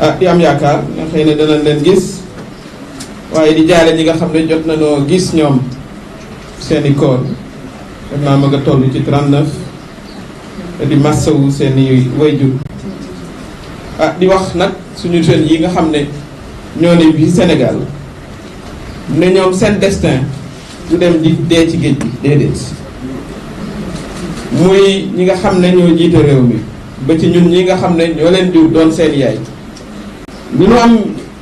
ah di am yaakaar nga xëy ne danañ leen gis waaye di jaale ñi nga xam ne jot nañoo gis ñoom seeni koor def naa ma nga toll ci 39 di massawu seeni wayjur ah di wax nag suñu jeunes yi nga xam ne ñoo ne bii senegal ne ñoom seen destin du dem di dee ci géej gi déedéet muy ñi nga xam ne ñoo jiite réew mi ba ci ñun ñi nga xam ne ñoo leen jur doon seen yaay li mu am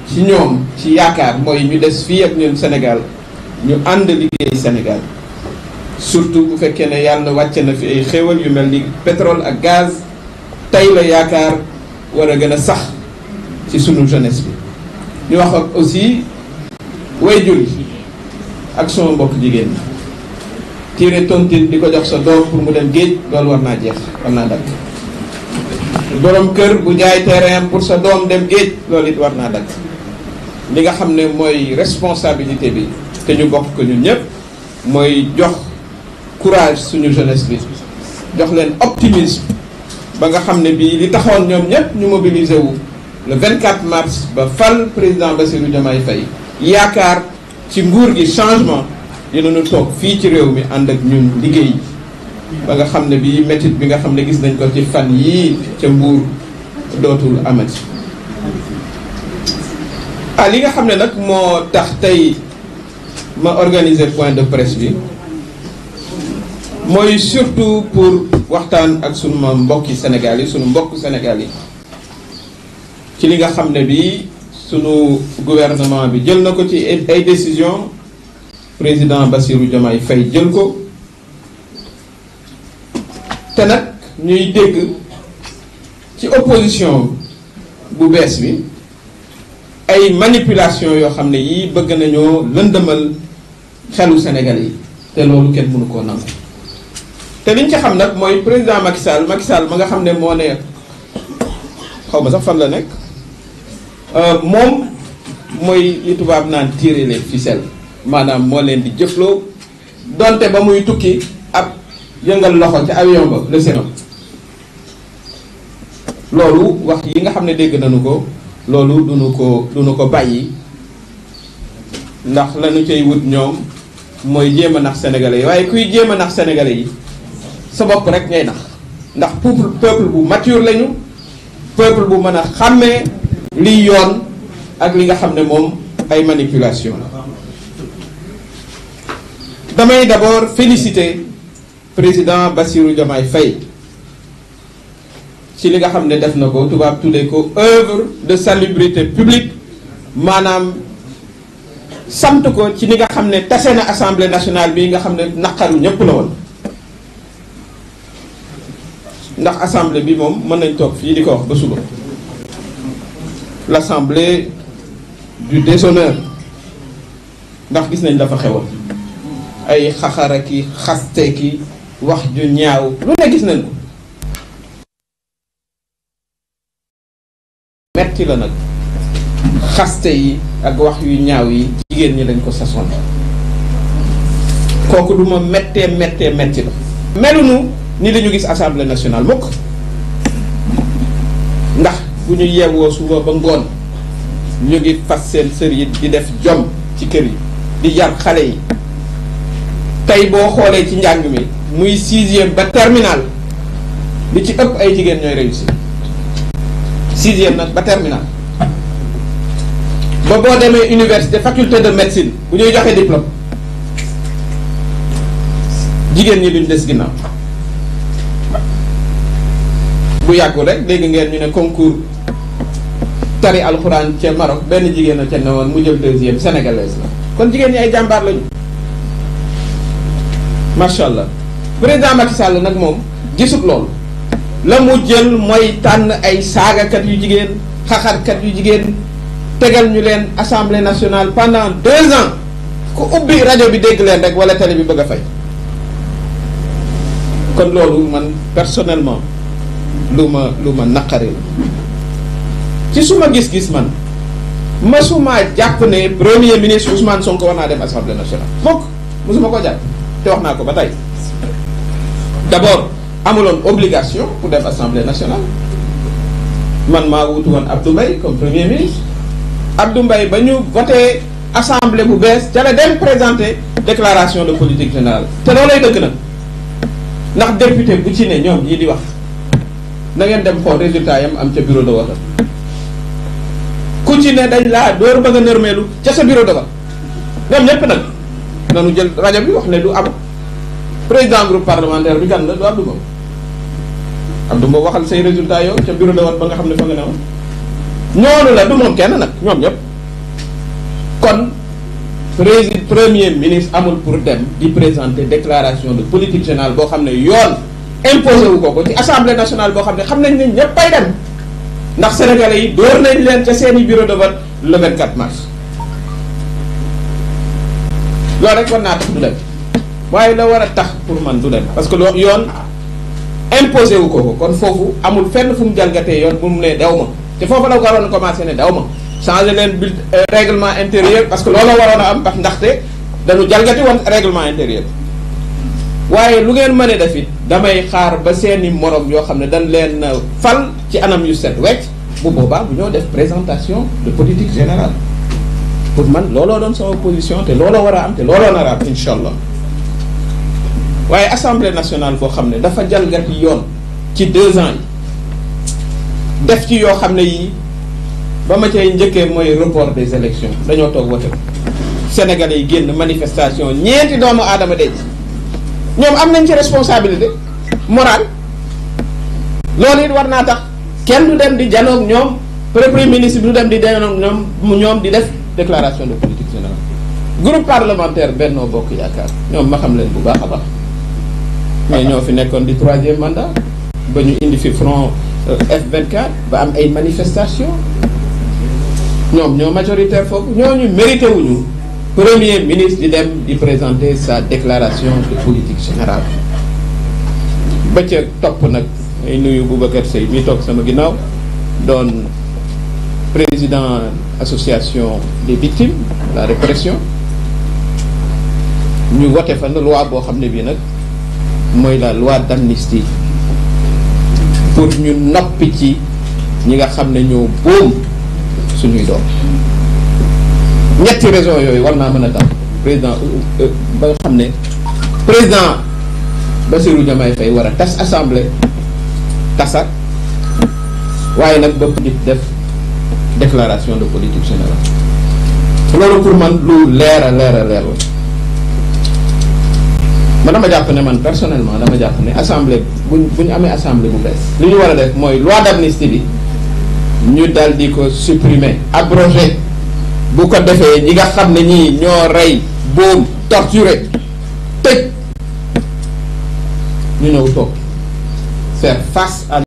ci ñoom ci yaakaar mooy ñu des fii ak ñun senegal ñu ànd liggéey senegal surtout bu fekkee ne yàlla wàcce na fi ay xéewal yu mel ni pétrole ak gaz tey la yaakaar war a gën a sax ci sunu jeunesse bi ñu wax ak aussi wayjur yi ak sama mbokk jigéen ñi tiire tontine di ko jox sa doom pour mu dem géej loolu war naa jeex war naa dakk borom kër bu jaay terrain pour sa doom dem géej loolu it war naa dakk li nga xam ne mooy responsabilité bi te ñu bokk ko ñun ñëpp mooy jox courage suñu jeunesse bi jox leen optimisme ba nga xam ne bii li taxoon ñoom ñëpp ñu mobiliser wu le 24 mars ba fal président Bassirou Diomaye Faye yaakaar ci nguur gi changement dinañu toog fii ci réew mi ànd ak ñun liggéey ba nga xam ne bii métit bi nga xam ne gis nañ ko ci fan yii ca mbuur dootul amati ah li nga xam ne nag moo tax tey ma organiser point de presse bi mooy surtout pour waxtaan ak sunu mbokki Sénégal yi sunu mbokk Sénégal yi ci li nga xam ne bii sunu gouvernement bi jël na ko ci ay décision président Bassirou Diomaye Faye jël ko te nag ñuy dégg ci opposition bu bees bi ay manipulation yoo xam ne yii bëgg nañoo lëndëmal xelu senegal yi te loolu kenn mënu koo nangu te liñ ci xam nag mooy président Macky Sall Macky Sall ma nga xam ne moo ne xaw ma sax fan la nekk euh, moom mooy li tubaab naan tirer les ficelles maanaam moo leen di jëfloo donte ba muy tukki yëngal loxo ca avion ba le Sénat loolu wax yi nga xam ne dégg nañu ko loolu duñu ko duñu ko bàyyi ndax lañu cay wut ñoom mooy jéem a nax sénégalais yi waaye kuy jéem a nax sénégalais yi sa bopp rek ngay nax ndax peuple peuple bu mature lañu peuple bu mën a xàmmee liy yoon ak li nga xam ne moom ay manipulation la damay d'abord féliciter président Bassirou Diomaye Faye ci li nga xam ne def na ko tubaab tuddee ko œuvre de salubrité publique maanaam sant ko ci li nga xam ne tase na assemblée nationale bi nga xam ne naqaru ñëpp la woon ndax assemblée bi moom mën nañ toog fii di ko wax ba suba l'assemblée du déshonneur ndax gis nañ dafa xewoon ay xaxaraki xasteeki wax ju ñaaw lu ne gis nañ ko metti la nag xaste yi ak wax yu ñaaw yi jigéen ñi lañ ko sasoon kooku du ma mette mettee metti la melunu ni lañu gis assemblée nationale mukk ndax bu ñu yeewoo suba ba ngoon ñu ngi fas seen sër yi di def jom ci kër yi di yar xale yi tey boo xoolee ci njàng mi muy sixième ba terminal li ci ëpp ay jigéen ñooy réussir sixième nag ba terminal ba boo demee université faculté de médecine bu ñuy joxe diplôme jigéen ñi duñ des ginnaaw bu yàggul rek dégg ngeen ñu ne concours tari alxuraan ca Maroc benn jigéen a ca ne woon mu jël deuxième sénégalaise la kon jigéen ñi ay jàmbaar lañu macha allah. président Macky Sall nag moom gisut loolu la mu jël mooy tànn ay saagakat yu jigéen xaxarkat yu jigéen tegal ñu leen assemblée nationale pendant deux ans ku ubbi rajo bi dégg leen rek wala télé bi bëgg a fay kon loolu man personnellement lu ma lu ma naqari la ci suma gis-gis man masuma jàpp ne premier ministre Ousmane Sonko war naa dem assemblée nationale fokk mosuma ko jàpp te wax naa ko ba tey d'abord amuloon obligation pour dem assemblée nationale man maa wutu woon Abdou Mbaye comme premier ministre Abdou Mbaye ba ñu voté assemblée bu bees ca la dem présenté déclaration de politique générale te loolay dëgg nag ndax député bu ci ne ñoom ñii di wax na ngeen dem xool résultat yam am ca bureau de vote ku ci ne dañ laa door ba nga nërmeelu ca sa bureau de jël rajo bi wax ne du am président groupe parlementaire bi kan la du Abdou Mbow Abdou Mbow waxal say résultat yow ca bureau de vote ba nga xam ne fa nga ne woon ñooñu la du moom kenn nag ñoom ñëpp kon président premier ministre amul pour dem di présenter déclaration de politique générale boo xam ne yoon imposé wu ko ko ci assemblée nationale boo xam ne xam nañ ne ñëpp ay dem ndax sénégalais yi dóor nañ leen ca seeni bureau de vote le 24 mars loolu rek war naa waaye la war a tax pour man du leen parce que loo yoon imposé wu ko kon foofu amul fenn fu mu jalgatee yoon bu mu ne daw ma te foofu la ko waroon na commencé ne daw ma changé leen bi euh, règlement intérieur parce que looloo waroon a am ndax ndaxte dañu jalgati woon règlement intérieur waaye lu ngeen mën a def it damay xaar ba seeni morom yoo xam ne dañ leen euh, fal ci anam yu set wecc bu boobaa bu ñoo def présentation de politique générale pour man looloo doon sama position te looloo war a am te nar a am waaye assemblée nationale boo xam ne dafa jalgati yoon ci deux ans yi def ci yoo xam ne yi ba ma cay njëkkee mooy report des élections dañoo toog wote Sénégalais yi génn manifestation ñeenti doomu aadama de ñoom am nañ ci responsabilité morale loolu it war naa tax kenn du dem di janook ñoom premier ministre du dem di janoog ñoom ñoom di def déclaration de politique générale groupe parlementaire Benno Bokk Yaakaar ñoom ma xam leen bu baax a baax mais ñoo fi nekkoon di troisième mandat ba ñu indi fi front euh, F24 ba am ay manifestation ñoom ñoo majoritaire foofu ñooñu mérité wuñu premier ministre di dem di présenter sa déclaration de politique générale ba topp nag ay nuyu Boubacar Seye mi toog sama ginnaaw doon président association des victimes de la répression ñu wote fa na loi boo xam ne bii nag mooy la loi d'amnistie pour ñu noppi ci ñi nga xam ne ñoo boom suñuy doom ñetti raison yooyu war naa mën a tax président euh, euh, ba nga xam ne président lu Diomaye Faye war a tas assemblée tasak waaye nag bopp di def déclaration de politique générale loolu pour man lu leer a leer a leer la man dama jàpp ne man personnellement dama jàpp ne assemblée buñ bu ñu amee assemblée bu bees li ñu war a def mooy loi d'amnistie bi ñu dal di ko supprimer abroger bu ko defee ñi nga xam ne ñii ñoo rey boom torturé tëj ñu ñëw toog faire face à